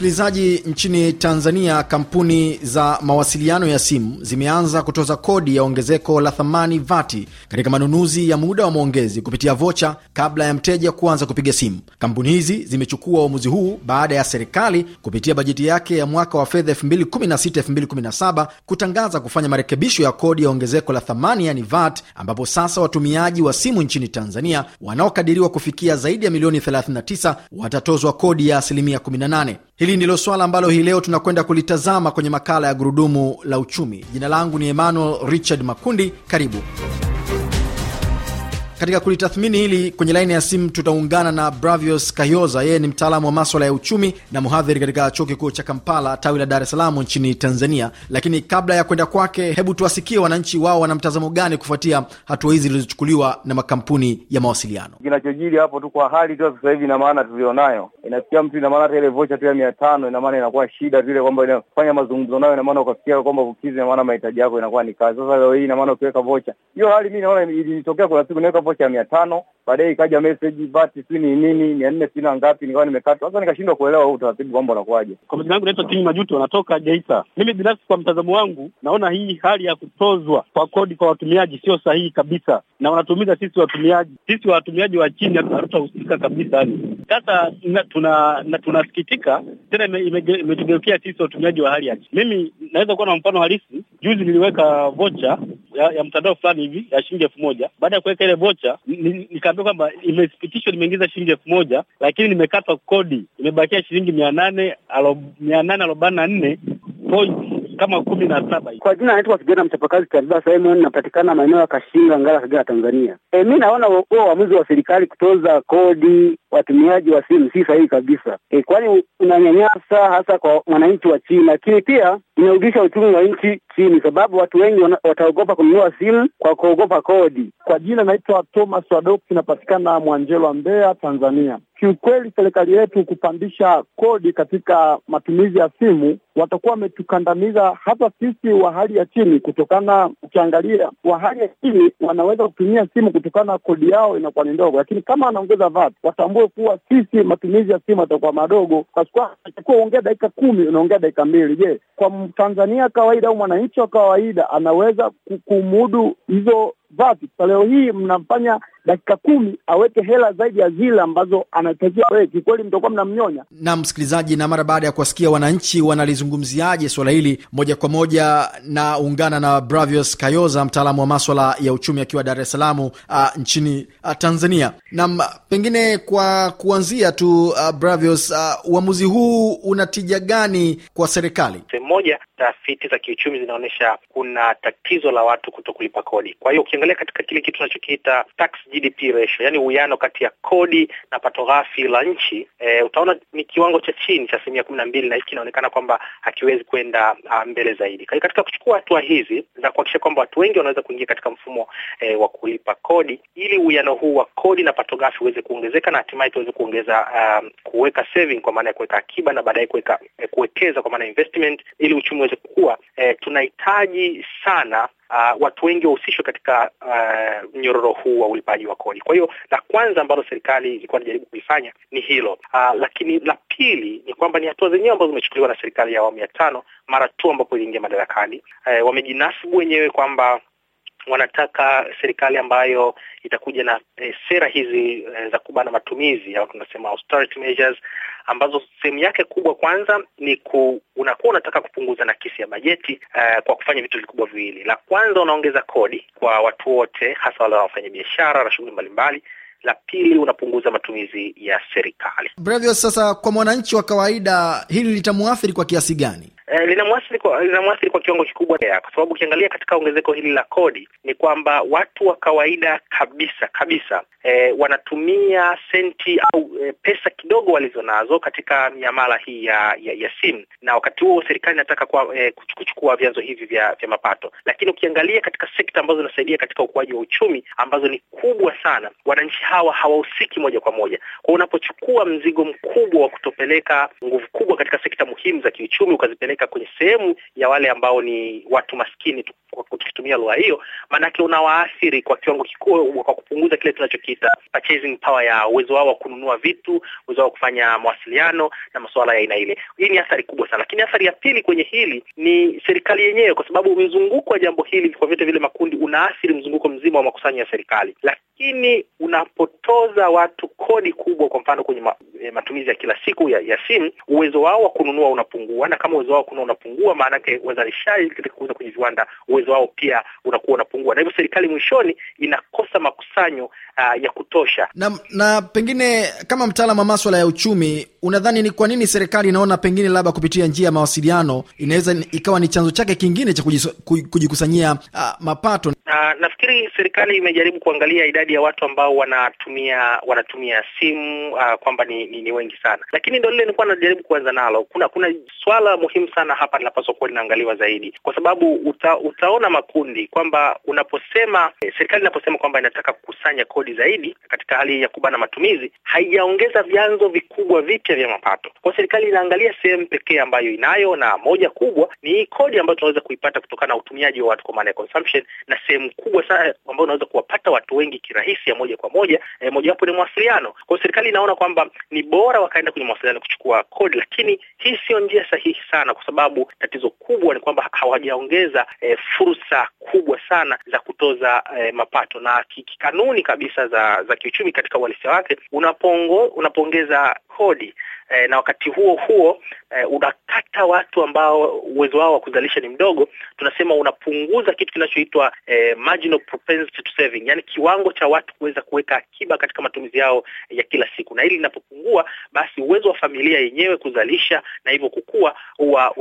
Msikilizaji, nchini Tanzania kampuni za mawasiliano ya simu zimeanza kutoza kodi ya ongezeko la thamani vati katika manunuzi ya muda wa maongezi kupitia vocha kabla ya mteja kuanza kupiga simu. Kampuni hizi zimechukua uamuzi huu baada ya serikali kupitia bajeti yake ya mwaka wa fedha 2016/2017 kutangaza kufanya marekebisho ya kodi ya ongezeko la thamani yani VAT, ambapo sasa watumiaji wa simu nchini Tanzania wanaokadiriwa kufikia zaidi ya milioni 39 watatozwa kodi ya asilimia 18. Hili ndilo swala ambalo hii leo tunakwenda kulitazama kwenye makala ya Gurudumu la Uchumi. Jina langu ni Emmanuel Richard Makundi. Karibu. Katika kulitathmini hili kwenye laini ya simu tutaungana na Bravios Kayoza. Yeye ni mtaalamu wa maswala ya uchumi na mhadhiri katika chuo kikuu cha Kampala tawi la Dar es Salaam nchini Tanzania. Lakini kabla ya kwenda kwake, hebu tuwasikie wananchi wao wana mtazamo gani kufuatia hatua hizi zilizochukuliwa na makampuni ya mawasiliano. Kinachojiri hapo tu kwa hali tu sasa hivi, ina maana tulionayo, inafikia mtu, ina maana hata ile vocha tu ya mia tano ina maana inakuwa shida tu kwamba inafanya mazungumzo nayo, ina maana ukafikia kwamba ukizi, ina maana mahitaji yako inakuwa ni kazi. Sasa leo hii ina maana ukiweka vocha hiyo, hali mi naona ilitokea kuna siku naweka kiwango mia tano baadaye ikaja message VAT si ni nini mia nne sii na ngapi, nikawa nimekatwa. Sasa nikashindwa kuelewa huu utaratibu kwamba unakuwaje. Kwa majina yangu naitwa tini Majuto, natoka Geita. Mimi binafsi, kwa mtazamo wangu, naona hii hali ya kutozwa kwa kodi kwa watumiaji sio sahihi kabisa, na wanatumiza sisi watumiaji, sisi watumiaji wa chini hatutahusika kabisa. Yani sasa tunasikitika tena, imetugeukia sisi watumiaji wa hali ya chini. Mimi naweza kuwa na mfano halisi. Juzi niliweka vocha ya, ya mtandao fulani hivi ya shilingi elfu moja. Baada ya kuweka ile vocha kucha, nikaambia kwamba imepitishwa, nimeingiza shilingi elfu moja lakini nimekatwa kodi, imebakia shilingi mia nane mia nane arobaini na nne kama kumi na saba. Kwa jina anaitwa kijana mchapakazi Tabiba Simon, napatikana maeneo ya Kashinga, Ngara, Kagera, Tanzania. E, mi naona huo uamuzi wa serikali kutoza kodi watumiaji wa simu si sahihi kabisa, e, kwani unanyanyasa hasa kwa mwananchi wa chini, lakini pia inarudisha uchumi wa nchi simu, sababu watu wengi wataogopa kununua simu kwa kuogopa kodi. Kwa jina naitwa Thomas Wadok, inapatikana Mwanjelwa, Mbeya, Tanzania. Kiukweli serikali yetu kupandisha kodi katika matumizi ya simu, watakuwa wametukandamiza hata sisi wa hali ya chini, kutokana ukiangalia, wa hali ya chini wanaweza kutumia simu kutokana kodi yao inakuwa ni ndogo, lakini kama wanaongeza VAT watambue kuwa sisi matumizi ya simu yatakuwa madogo, kwa sababu dakika kumi unaongea dakika mbili. Je, kwa Mtanzania kawaida au mwananchi mwananchi wa kawaida anaweza kumudu hizo vati. Kwa leo hii mnamfanya dakika kumi aweke hela zaidi ya zile ambazo anatakiwa aweke, kweli mtakuwa mnamnyonya. Na msikilizaji, na mara baada ya kuwasikia wananchi wanalizungumziaje suala hili, moja kwa moja na ungana na Bravios Kayoza, mtaalamu wa maswala ya uchumi akiwa Dar es Salaam uh, nchini uh, Tanzania. Na pengine kwa kuanzia tu uh, Bravios, uh, uamuzi huu una tija gani kwa serikali? Sehemu moja, tafiti za kiuchumi zinaonyesha kuna tatizo la watu kuto kulipa kodi. Kwa hiyo ukiangalia katika kile kitu tunachokiita GDP ratio, yani uwiano kati ya kodi na pato ghafi la nchi e, utaona ni kiwango cha chini cha asilimia kumi na mbili na hiki kinaonekana kwamba hakiwezi kwenda ah, mbele zaidi. Katika kuchukua hatua hizi za kuhakikisha kwamba watu wengi wanaweza kuingia katika mfumo e, wa kulipa kodi ili uwiano huu wa kodi na pato ghafi uweze kuongezeka na hatimaye tuweze kuongeza um, kuweka saving kwa maana ya kuweka akiba na baadaye kuweka eh, kuwekeza kwa maana investment ili uchumi uweze kukua, e, tunahitaji sana uh, watu wengi wahusishwe katika uh, mnyororo huu wa ulipaji wa kodi. Kwa hiyo la kwanza ambalo serikali ilikuwa inajaribu kuifanya ni hilo uh, lakini la pili ni kwamba ni hatua zenyewe ambazo zimechukuliwa na serikali ya awamu ya tano mara tu ambapo iliingia madarakani, uh, wamejinasibu wenyewe kwamba wanataka serikali ambayo itakuja na e, sera hizi e, za kubana matumizi au tunasema austerity measures, ambazo sehemu yake kubwa kwanza ni ku, unakuwa unataka kupunguza nakisi ya bajeti e, kwa kufanya vitu vikubwa viwili. La kwanza unaongeza kodi kwa watu wote, hasa wale wanaofanya biashara na shughuli mbalimbali la pili unapunguza matumizi ya serikali. Brevio, sasa kwa mwananchi wa kawaida hili litamwathiri kwa kiasi gani? E, linamwathiri zinamwathiri kwa kiwango kikubwa, kwa sababu ukiangalia katika ongezeko hili la kodi ni kwamba watu wa kawaida kabisa kabisa e, wanatumia senti au e, pesa kidogo walizonazo katika miamala hii ya, ya, ya simu, na wakati huo serikali inataka e, kuchukua vyanzo hivi vya, vya mapato. Lakini ukiangalia katika sekta ambazo zinasaidia katika ukuaji wa uchumi ambazo ni kubwa sana, wananchi hawa hawahusiki moja kwa moja. Kwa unapochukua mzigo mkubwa wa kutopeleka nguvu kubwa katika sekta muhimu za kiuchumi ukazipeleka kwenye sehemu ya wale ambao ni watu maskini, tukitumia lugha hiyo, maanake unawaathiri kwa kiwango kikubwa, kwa kupunguza kile tunachokiita purchasing power ya uwezo wao wa kununua vitu, uwezo wao wa kufanya mawasiliano na masuala ya aina ile. Hii ni athari kubwa sana, lakini athari ya pili kwenye hili ni serikali yenyewe, kwa sababu mzunguko wa jambo hili kwa vyote vile makundi unaathiri mzunguko mzima wa makusanyo ya serikali, lakini unapotoza watu kodi kubwa, kwa mfano kwenye eh, matumizi ya kila siku ya, ya simu, uwezo wao wa kununua unapungua, na kama uwezo wao wa kununua unapungua maanake wazalishaji katika kuuza kwenye viwanda uwezo wao pia unakuwa unapungua, na hivyo serikali mwishoni inakosa makusanyo uh, ya kutosha. Na, na pengine kama mtaalam wa maswala ya uchumi, unadhani ni kwa nini serikali inaona pengine labda kupitia njia ya mawasiliano inaweza ikawa ni chanzo chake kingine cha kujikusanyia uh, mapato? Na, nafikiri serikali imejaribu kuangalia idadi ya watu ambao wanatumia wanatumia simu uh, kwamba ni, ni, ni wengi sana, lakini ndio lile nilikuwa najaribu kuanza nalo. Kuna kuna swala muhimu sana hapa linapaswa litakuwa linaangaliwa zaidi, kwa sababu uta, utaona makundi kwamba unaposema eh, serikali inaposema kwamba inataka kukusanya kodi zaidi katika hali ya kubana matumizi, haijaongeza vyanzo vikubwa vipya vya mapato. Kwa serikali inaangalia sehemu pekee ambayo inayo na moja kubwa ni hii kodi ambayo tunaweza kuipata kutokana na utumiaji wa watu kwa maana ya consumption, na sehemu kubwa sana ambayo unaweza kuwapata watu wengi kirahisi ya moja kwa moja eh, mojawapo ni mawasiliano. Kwa serikali inaona kwamba ni bora wakaenda kwenye mawasiliano kuchukua kodi, lakini hii siyo njia sahihi sana, kwa sababu tatizo kubwa ni kwamba hawajaongeza e, fursa kubwa sana za kutoza e, mapato na kikanuni kabisa za za kiuchumi katika uhalisia wake, unapongo unapoongeza kodi e, na wakati huo huo e, unakata watu ambao uwezo wao wa kuzalisha ni mdogo. Tunasema unapunguza kitu kinachoitwa e, marginal propensity to saving, yani kiwango cha watu kuweza kuweka akiba katika matumizi yao ya kila siku, na hili linapopungua, basi uwezo wa familia yenyewe kuzalisha na hivyo kukua huwa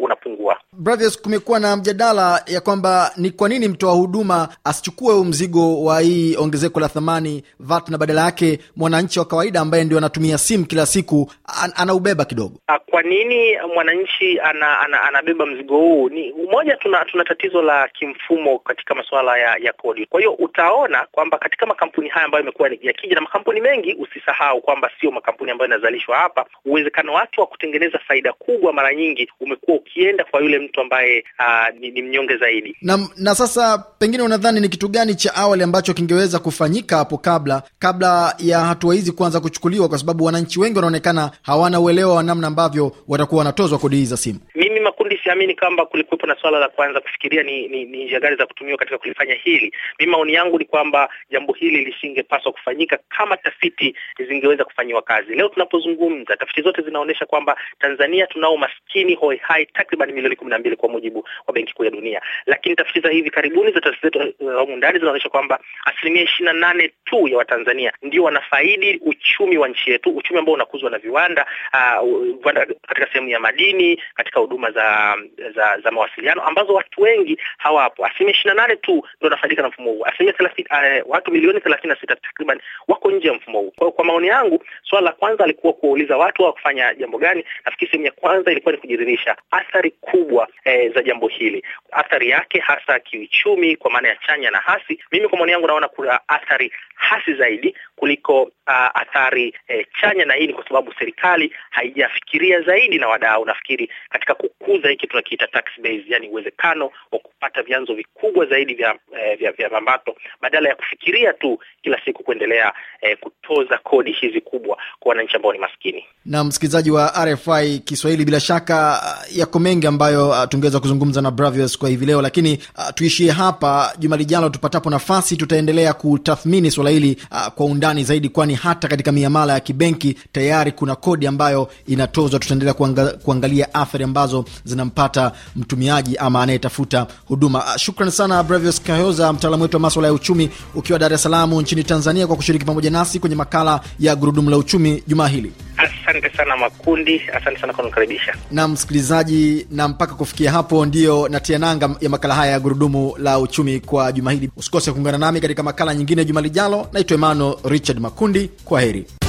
unapungua. Una brothers, kumekuwa na mjadala ya kwamba ni kwa nini mtoa huduma asichukue mzigo wa hii ongezeko la thamani VAT na badala yake mwananchi wa kawaida ambaye ndio anatumia simu kila siku an, anaubeba kidogo. Ah, kwa nini mwananchi ana, ana, anabeba mzigo huu? Ni moja, tuna, tuna tatizo la kimfumo katika masuala ya, ya kodi. Kwa hiyo utaona kwamba katika makampuni haya ambayo yamekuwa yakija na makampuni mengi, usisahau kwamba sio makampuni ambayo yanazalishwa hapa, uwezekano wake wa kutengeneza faida kubwa mara nyingi umekuwa ukienda kwa yule mtu ambaye uh, ni, ni mnyonge zaidi. Na, na sasa pengine unadhani ni kitu gani cha awali ambacho kingeweza kufanyika hapo kabla kabla ya hatua hizi kuanza kuchukuliwa, kwa sababu wananchi wengi wanaonekana hawana uelewa wa namna ambavyo watakuwa wanatozwa kodi hii za simu. Mimi kweli siamini kwamba kulikuwepo na swala la kwanza kufikiria ni ni, ni njia gani za kutumiwa katika kulifanya hili. Mimi maoni yangu ni kwamba jambo hili lisingepaswa kufanyika kama tafiti zingeweza kufanyiwa kazi. Leo tunapozungumza, tafiti zote zinaonyesha kwamba Tanzania tunao maskini hoi hai takriban milioni kumi na mbili kwa mujibu wa Benki Kuu ya Dunia, lakini tafiti za hivi karibuni za taasisi zetu za uh, eh, ndani zinaonyesha kwamba asilimia ishirini na nane tu ya Watanzania ndio wanafaidi uchumi wa nchi yetu, uchumi ambao unakuzwa na viwanda uh, viwanda katika sehemu ya madini, katika huduma za za za, mawasiliano ambazo watu wengi hawapo. Asilimia ishirini na nane tu ndio wanafaidika na mfumo huu, asilimia thelathini, eh, watu milioni thelathini na sita takriban wako nje ya mfumo huu. Kwa kwa maoni yangu, swala la kwanza alikuwa kuwauliza watu wa kufanya jambo gani. Nafikiri sehemu ya kwanza ilikuwa ni kujiridhisha athari kubwa eh, za jambo hili, athari yake hasa kiuchumi, kwa maana ya chanya na hasi. Mimi kwa maoni yangu naona kuna athari hasi zaidi kuliko uh, athari eh, chanya, na hii ni kwa sababu serikali haijafikiria zaidi na wadau, nafikiri katika kukuza Tanzania kitu nakiita tax base, yani uwezekano wa kupata vyanzo vikubwa zaidi vya eh, vya, vya mapato badala ya kufikiria tu kila siku kuendelea eh, kutoza kodi hizi kubwa kwa wananchi ambao ni maskini. Na msikilizaji wa RFI Kiswahili, bila shaka uh, yako mengi ambayo uh, tungeweza kuzungumza na Bravius kwa hivi leo, lakini uh, tuishie hapa. Juma lijalo tupatapo nafasi, tutaendelea kutathmini swala hili uh, kwa undani zaidi, kwani hata katika miamala ya kibenki tayari kuna kodi ambayo inatozwa. Tutaendelea kuanga, kuangalia athari ambazo zinampata mtumiaji ama anayetafuta huduma. Ah, shukran sana Brevius Kayoza, mtaalamu wetu wa maswala ya uchumi, ukiwa Dar es Salaam nchini Tanzania, kwa kushiriki pamoja nasi kwenye makala ya gurudumu la uchumi jumaa hili. Asante sana Makundi, asante sana kwa kunikaribisha. Na msikilizaji, na mpaka kufikia hapo ndiyo natia nanga ya makala haya ya gurudumu la uchumi kwa juma hili. Usikose kuungana nami katika makala nyingine juma lijalo. Naitwa Emmanuel Richard Makundi, kwa heri.